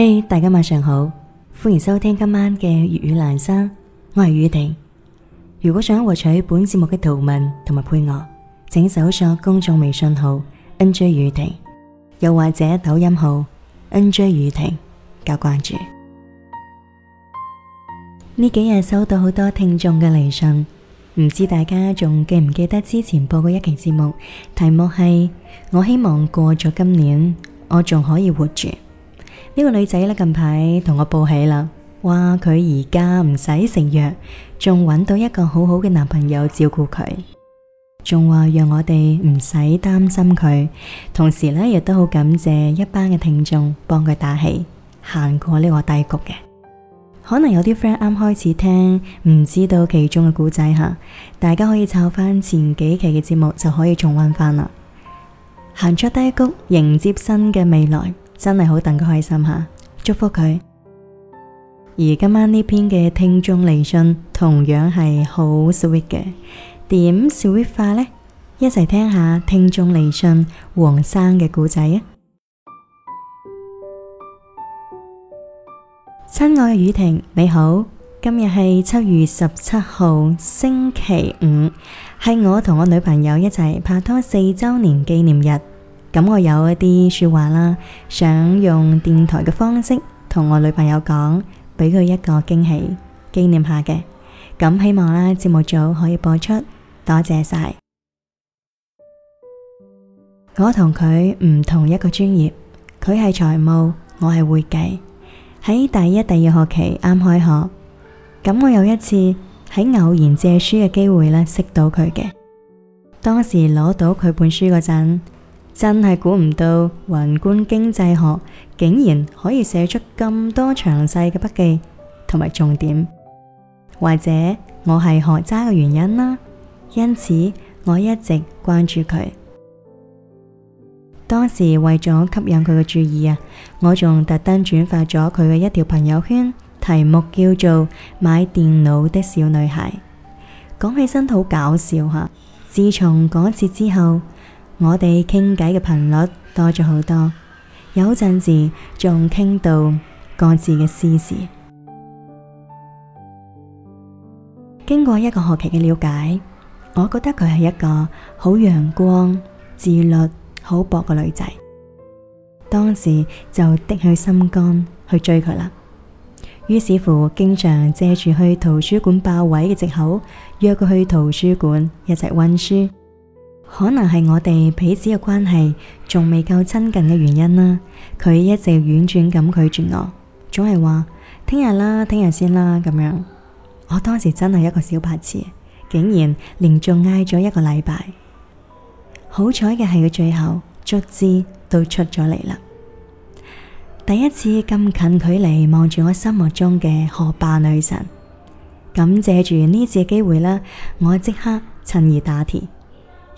嘿，hey, 大家晚上好，歡迎收聽今晚嘅粵語蘭生，我係宇婷。如果想獲取本節目嘅圖文同埋配樂，請搜索公眾微信號 NJ 宇婷，又或者抖音號 NJ 宇婷加關注。呢幾日收到好多聽眾嘅嚟信，唔知大家仲記唔記得之前播過一期節目，題目係我希望過咗今年，我仲可以活住。呢個女仔咧，近排同我報喜啦，話佢而家唔使食藥，仲揾到一個好好嘅男朋友照顧佢，仲話讓我哋唔使擔心佢。同時呢，亦都好感謝一班嘅聽眾幫佢打氣，行過呢個低谷嘅。可能有啲 friend 啱開始聽唔知道其中嘅故仔吓，大家可以抄翻前幾期嘅節目就可以重溫翻啦，行出低谷，迎接新嘅未來。真係好等佢開心吓，祝福佢。而今晚呢篇嘅聽眾嚟信同樣係好 sweet 嘅，點 sweet 化呢？一齊聽下聽眾嚟信黃生嘅故仔啊！親愛嘅宇婷，你好，今日係七月十七號星期五，係我同我女朋友一齊拍拖四周年紀念日。咁我有一啲說話啦，想用電台嘅方式同我女朋友講，畀佢一個驚喜，紀念下嘅。咁希望啦，節目組可以播出，多謝晒。 我同佢唔同一個專業，佢係財務，我係會計。喺大一、第二學期啱開學，咁我有一次喺偶然借書嘅機會咧，識到佢嘅。當時攞到佢本書嗰陣。真係估唔到宏觀經濟學竟然可以寫出咁多詳細嘅筆記同埋重點，或者我係學渣嘅原因啦。因此我一直關注佢。當時為咗吸引佢嘅注意啊，我仲特登轉發咗佢嘅一條朋友圈，題目叫做《賣電腦的小女孩》。講起身好搞笑吓。自從嗰次之後。我哋傾偈嘅頻率多咗好多，有陣時仲傾到各自嘅私事。經過一個學期嘅了解，我覺得佢係一個好陽光、自律、好搏嘅女仔。當時就的去心肝去追佢啦，於是乎經常借住去圖書館霸位嘅借口，約佢去圖書館一齊温書。可能係我哋彼此嘅關係仲未夠親近嘅原因啦。佢一直婉轉咁拒絕我，總係話聽日啦，聽日先啦咁樣。我當時真係一個小白痴，竟然連續嗌咗一個禮拜。好彩嘅係，佢最後卒之都出咗嚟啦。第一次咁近距離望住我心目中嘅學霸女神，咁借住呢次機會啦，我即刻趁熱打鐵。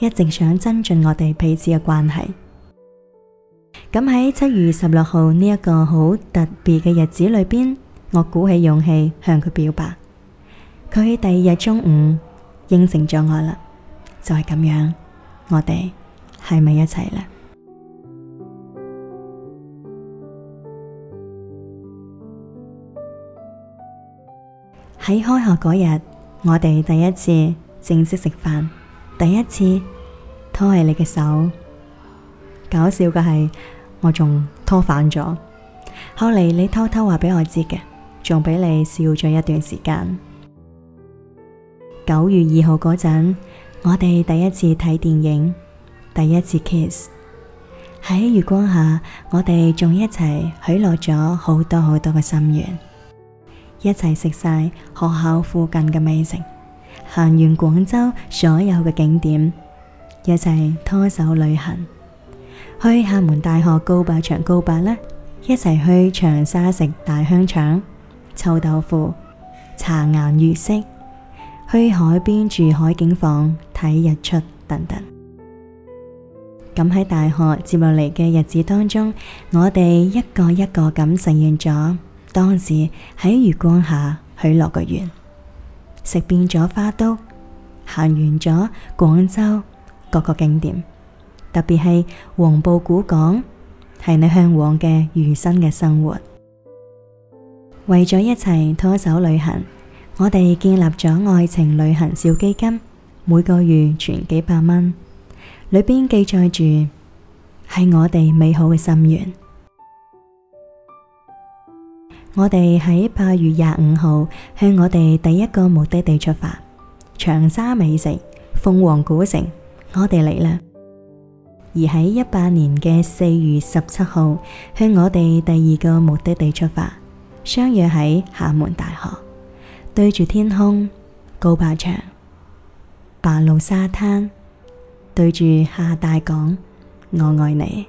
一直想增進我哋彼此嘅關係，咁喺七月十六號呢一個好特別嘅日子裏邊，我鼓起勇氣向佢表白，佢喺第二日中午應承咗我啦，就係咁樣，我哋係咪一齊啦？喺 開學嗰日，我哋第一次正式食飯。第一次拖係你嘅手，搞笑嘅係我仲拖反咗。後嚟你偷偷話畀我知嘅，仲畀你笑咗一段時間。九月二號嗰陣，我哋第一次睇電影，第一次 kiss。喺月光下，我哋仲一齊許落咗好多好多嘅心願，一齊食晒學校附近嘅美食。行完廣州所有嘅景點，一齊拖手旅行；去廈門大學告白牆告白啦，一齊去長沙食大香腸、臭豆腐、茶顏悅色；去海邊住海景房睇日出等等。咁喺大學接落嚟嘅日子當中，我哋一個一個咁實現咗當時喺月光下許落個願。食遍咗花都，行完咗廣州各個景點，特別係黃埔古港，係你向往嘅餘生嘅生活。 為咗一齊拖手旅行，我哋建立咗愛情旅行小基金，每個月存幾百蚊，裏邊記載住係我哋美好嘅心願。我哋喺八月廿五號向我哋第一個目的地出發，長沙美食、鳳凰古城，我哋嚟啦。而喺一八年嘅四月十七號，向我哋第二個目的地出發，相約喺廈門大學，對住天空，告白牆，白鷺沙灘，對住廈大講我愛你。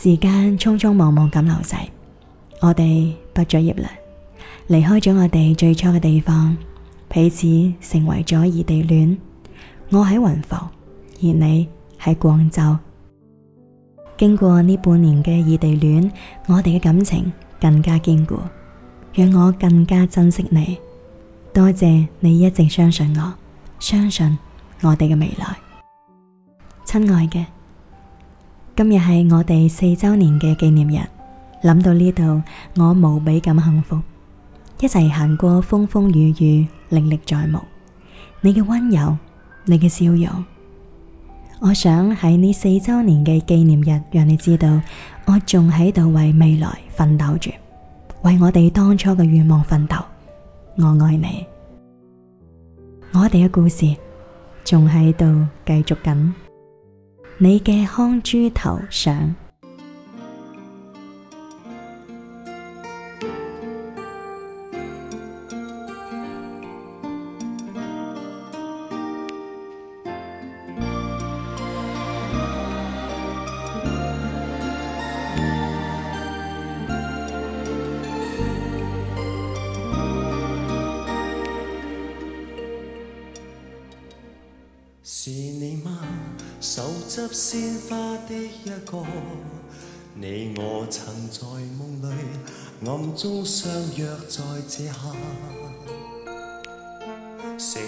時間匆匆忙忙咁流逝，我哋畢咗業啦，離開咗我哋最初嘅地方，彼此成為咗異地戀。我喺雲浮，而你喺廣州。經過呢半年嘅異地戀，我哋嘅感情更加堅固，讓我更加珍惜你。多謝你一直相信我，相信我哋嘅未來。親愛嘅。今日係我哋四周年嘅紀念日，諗到呢度，我無比咁幸福，一齊行過風風雨雨，歷歷在目。你嘅温柔，你嘅笑容，我想喺呢四周年嘅紀念日，讓你知道我仲喺度為未來奮鬥住，為我哋當初嘅願望奮鬥。我愛你，我哋嘅故事仲喺度繼續緊。你嘅康豬頭上，是你嗎？手執鮮花的一個你，我曾在夢裡暗中相約，在夕照後斜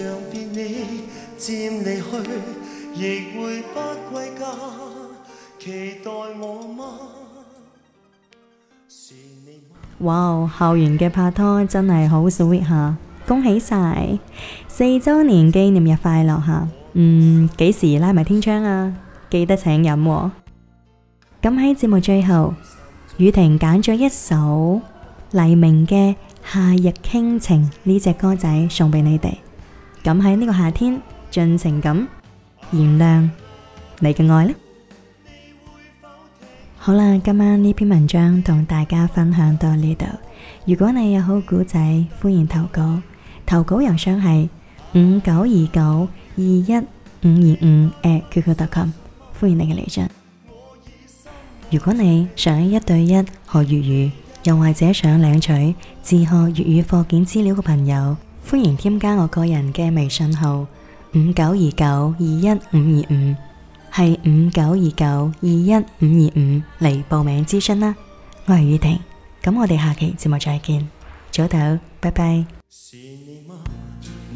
陽別你漸離去，亦會不歸家，期待我嗎？是你嗎？哇哦！校園嘅拍拖真係好 sweet 哈。恭喜晒四周年紀念日快樂吓！嗯，幾時拉埋天窗啊？記得請飲。咁喺節目最後，宇婷揀咗一首黎明嘅《夏日傾情》呢隻歌仔送俾你哋。咁喺呢個夏天，盡情咁燃亮你嘅愛咧。好啦，今晚呢篇文章同大家分享到呢度。如果你有好古仔，歡迎投稿。投稿郵箱係五九二九二一五二五 @QQ.com，歡迎你嘅嚟信。如果你想一對一學粵語，又或者想領取自學粵語課件資料嘅朋友，歡迎添加我個人嘅微信號五九二九二一五二五，係五九二九二一五二五嚟報名咨詢啦。我係宇婷，咁我哋下期節目再見，早唞，拜拜。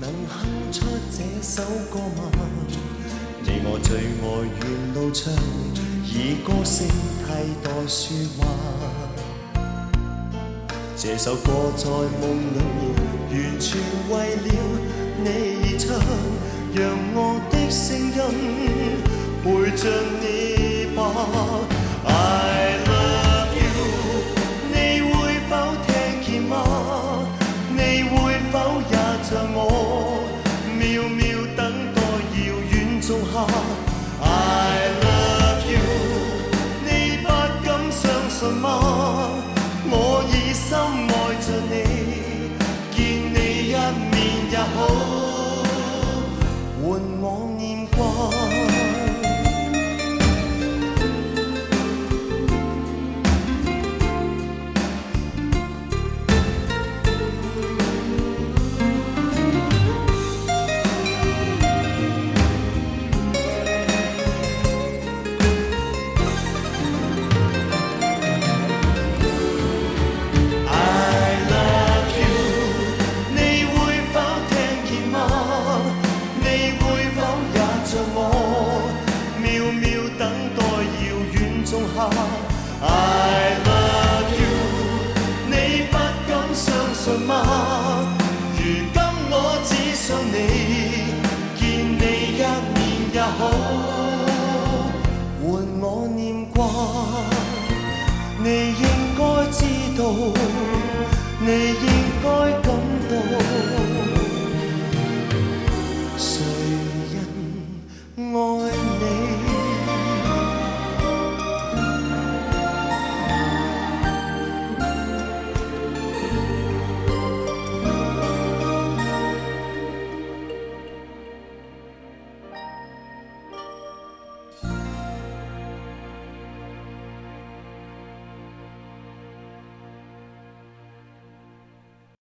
能哼出這首歌嗎？你我最愛沿路唱，以歌聲替代説話。這首歌在夢裡面，完全為了你而唱，讓我的聲音陪着你吧。